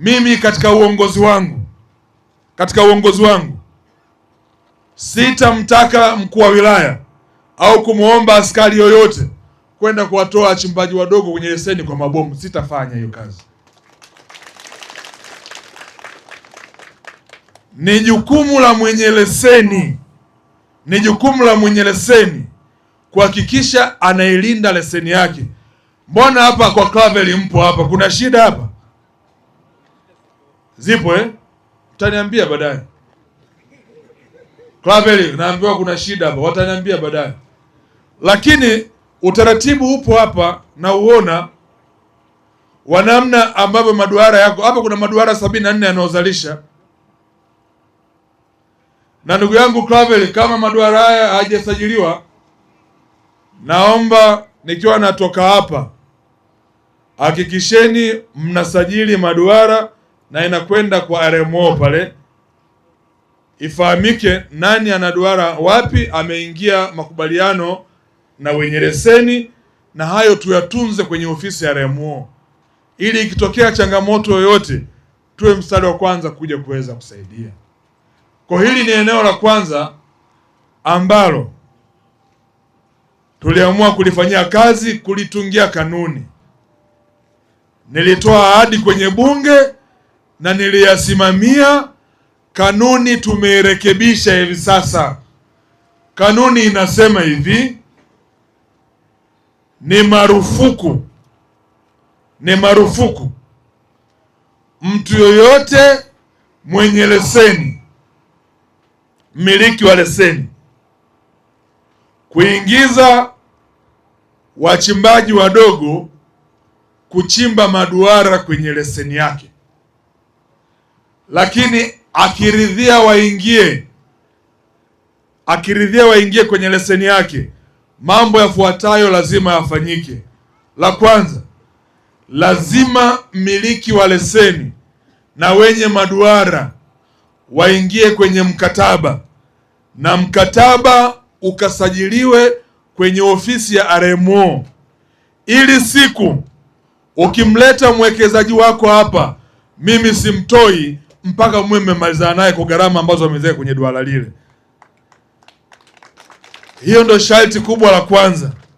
Mimi katika uongozi wangu katika uongozi wangu sitamtaka mkuu wa wilaya au kumwomba askari yoyote kwenda kuwatoa wachimbaji wadogo kwenye leseni kwa mabomu. Sitafanya hiyo kazi. Ni jukumu la mwenye leseni, ni jukumu la mwenye leseni kuhakikisha anailinda leseni yake. Mbona hapa kwa Claveli mpo hapa, kuna shida hapa? Zipo eh? Utaniambia baadaye. Claveli, naambiwa kuna shida hapa, wataniambia baadaye. Lakini utaratibu upo hapa na uona wa namna ambavyo maduara yako hapa. Kuna maduara sabini na nne yanayozalisha na ndugu yangu Claveli, kama maduara haya hayajasajiliwa, naomba nikiwa natoka hapa, hakikisheni mnasajili maduara na inakwenda kwa RMO pale, ifahamike nani ana duara wapi, ameingia makubaliano na wenye leseni, na hayo tuyatunze kwenye ofisi ya RMO ili ikitokea changamoto yoyote tuwe mstari wa kwanza kuja kuweza kusaidia. Kwa hili ni eneo la kwanza ambalo tuliamua kulifanyia kazi, kulitungia kanuni. Nilitoa ahadi kwenye bunge na niliyasimamia. Kanuni tumeirekebisha hivi sasa. Kanuni inasema hivi, ni marufuku, ni marufuku mtu yoyote mwenye leseni, mmiliki wa leseni kuingiza wachimbaji wadogo kuchimba maduara kwenye leseni yake lakini akiridhia waingie, akiridhia waingie kwenye leseni yake, mambo yafuatayo lazima yafanyike. La kwanza, lazima mmiliki wa leseni na wenye maduara waingie kwenye mkataba na mkataba ukasajiliwe kwenye ofisi ya RMO ili siku ukimleta mwekezaji wako hapa, mimi simtoi mpaka mwe mmemalizana naye kwa gharama ambazo wameziweka kwenye duara lile. Hiyo ndio sharti kubwa la kwanza.